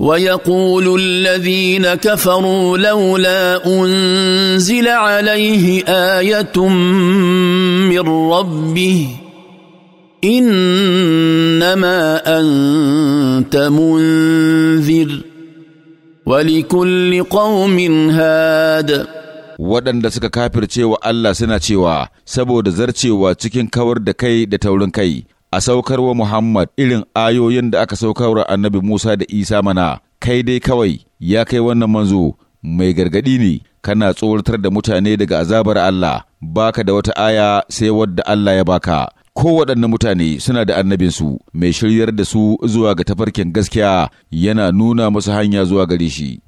ويقول الذين كفروا لولا انزل عليه ايه من ربه انما انت منذر ولكل قوم هاد waɗanda suka kafirce wa Allah suna cewa saboda zarcewa cikin kawar da kai da taurin kai a saukar wa Muhammad irin ayoyin da aka saukar wa annabi Musa da Isa mana, kai dai kawai ya kai wannan manzo mai gargaɗi ne, kana tsoratar da mutane daga azabar Allah, baka da wata aya sai wadda Allah ya baka. Kowaɗanne mutane suna da annabinsu mai shiryar da su zuwa ga tafarkin gaskiya yana nuna musu hanya zuwa gare shi.